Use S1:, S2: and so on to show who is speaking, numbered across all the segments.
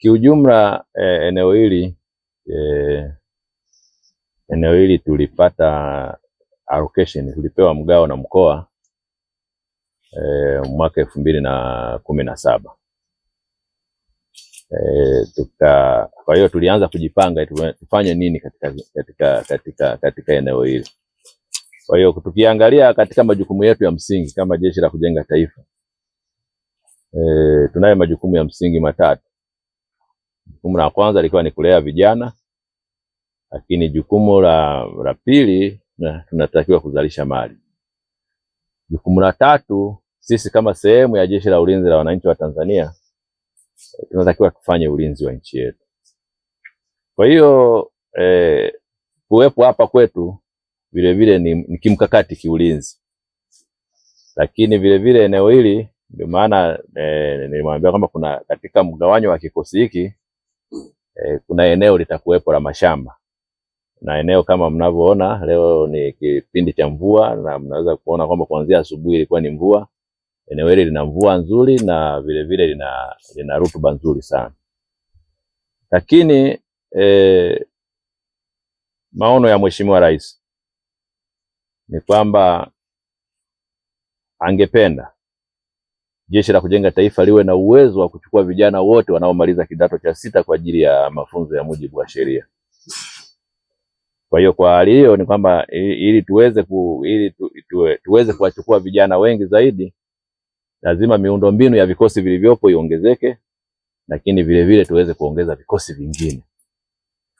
S1: Kiujumla eh, eneo hili eh, eneo hili tulipata allocation, tulipewa mgao na mkoa eh, mwaka elfu mbili na kumi na saba. eh, tuka kwa hiyo tulianza kujipanga tufanye nini katika, katika, katika, katika eneo hili. Kwa hiyo tukiangalia katika majukumu yetu ya msingi kama Jeshi la Kujenga Taifa eh, tunayo majukumu ya msingi matatu. Jukumu la kwanza lilikuwa ni kulea vijana, lakini jukumu la, la pili tunatakiwa kuzalisha mali. Jukumu la tatu sisi kama sehemu ya Jeshi la Ulinzi la Wananchi wa Tanzania tunatakiwa tufanye ulinzi wa nchi yetu. Kwa hiyo eh, kuwepo hapa kwetu vilevile ni, ni kimkakati kiulinzi, lakini vilevile eneo hili ndio maana eh, nilimwambia kwamba kuna katika mgawanyo wa kikosi hiki eh, kuna eneo litakuwepo la mashamba na eneo kama mnavyoona leo ni kipindi cha mvua, na mnaweza kuona kwamba kuanzia asubuhi ilikuwa ni mvua. Eneo hili lina mvua nzuri na vilevile lina, lina rutuba nzuri sana, lakini e, maono ya Mheshimiwa Rais ni kwamba angependa jeshi la kujenga taifa liwe na uwezo wa kuchukua vijana wote wanaomaliza kidato cha sita kwa ajili ya mafunzo ya mujibu wa sheria. Kwa hiyo kwa hali hiyo ni kwamba ili tuweze ku, ili tu, tuwe, tuweze kuwachukua vijana wengi zaidi, lazima miundombinu ya vikosi vilivyopo iongezeke, lakini vile vile tuweze kuongeza vikosi vingine.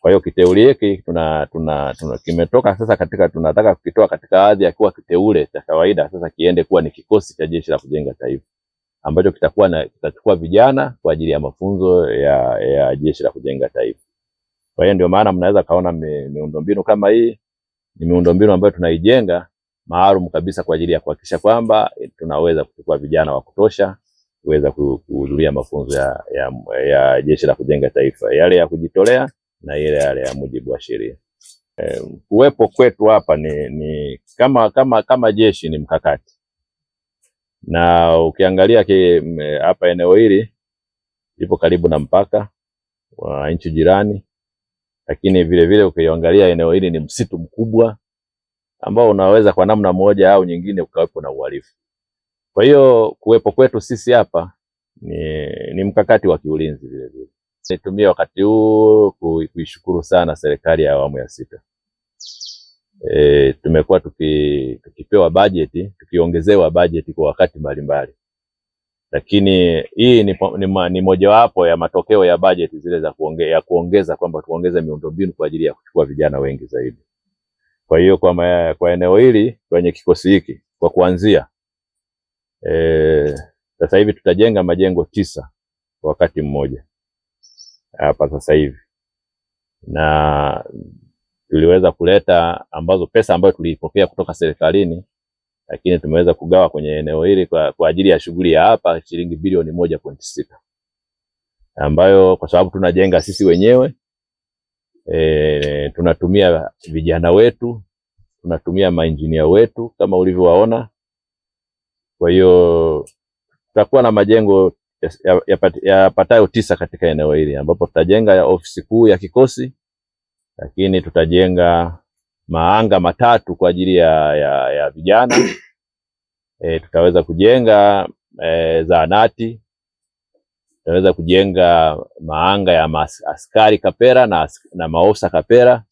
S1: Kwa hiyo kiteuli hiki tuna, tuna, tuna, kimetoka sasa katika tunataka kukitoa katika hadhi ya kuwa kiteule cha kawaida, sasa kiende kuwa ni kikosi cha jeshi la kujenga taifa ambacho kitakuwa na kitachukua vijana kwa ajili ya mafunzo ya, ya Jeshi la Kujenga Taifa. Kwa hiyo ndio maana mnaweza kaona miundombinu kama hii ni miundombinu ambayo tunaijenga maalum kabisa kwa ajili ya kuhakikisha kwamba e, tunaweza kuchukua vijana wa kutosha kuweza kuhudhuria mafunzo ya, ya, ya Jeshi la Kujenga Taifa, yale ya kujitolea na ile yale ya mujibu wa sheria. Kuwepo kwetu hapa ni, ni kama, kama, kama jeshi ni mkakati na ukiangalia hapa eneo hili lipo karibu na mpaka wa nchi jirani, lakini vilevile ukiangalia eneo hili ni msitu mkubwa ambao unaweza kwa namna moja au nyingine ukawepo na uhalifu. Kwa hiyo kuwepo kwetu sisi hapa ni, ni mkakati wa kiulinzi vile. Nitumie wakati huu kuishukuru sana serikali ya awamu ya sita. E, tumekuwa tuki, tukipewa bajeti tukiongezewa bajeti kwa wakati mbalimbali, lakini hii ni, ni, ni mojawapo ya matokeo ya bajeti zile za kuonge, ya kuongeza kwamba tuongeze miundombinu kwa ajili ya kuchukua vijana wengi zaidi. Kwa hiyo kwa, kwa eneo hili kwenye kikosi hiki kwa kuanzia e, sasa hivi tutajenga majengo tisa kwa wakati mmoja hapa sasa hivi na tuliweza kuleta ambazo pesa ambayo tuliipokea kutoka serikalini lakini tumeweza kugawa kwenye eneo hili kwa, kwa ajili ya shughuli ya hapa shilingi bilioni moja pointi sita ambayo kwa sababu tunajenga sisi wenyewe e, tunatumia vijana wetu, tunatumia mainjinia wetu kama ulivyowaona. Kwa hiyo tutakuwa na majengo yapatayo ya, ya tisa katika eneo hili ambapo tutajenga ofisi kuu ya kikosi, lakini tutajenga maanga matatu kwa ajili ya, ya, ya vijana e, tutaweza kujenga e, zahanati tutaweza kujenga maanga ya mas, askari kapera na, na maosa kapera,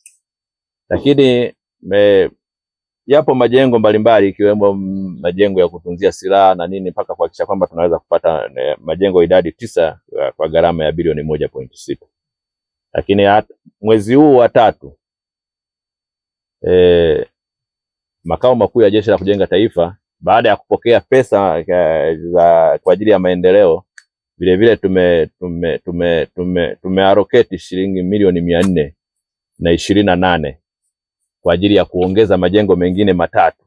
S1: lakini me, yapo majengo mbalimbali ikiwemo majengo ya kutunzia silaha na nini mpaka kuhakikisha kwamba tunaweza kupata ne, majengo idadi tisa e, kwa gharama ya bilioni moja pointi sita lakini at, mwezi huu wa tatu e, makao makuu ya Jeshi la Kujenga Taifa baada ya kupokea pesa e, za kwa ajili ya maendeleo vilevile tume tume tume tume tumearoketi shilingi milioni mia nne na ishirini na nane kwa ajili ya kuongeza majengo mengine matatu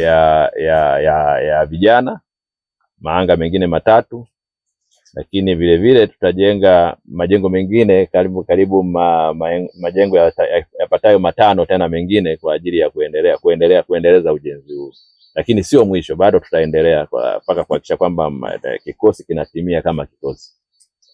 S1: ya ya ya, ya vijana maanga mengine matatu lakini vilevile tutajenga majengo mengine karibu karibu ma, ma, majengo yapatayo ya matano tena mengine kwa ajili ya kuendelea kuendelea kuendeleza ujenzi huu, lakini sio mwisho, bado tutaendelea mpaka kwa, kuhakikisha kwamba eh, kikosi kinatimia kama kikosi.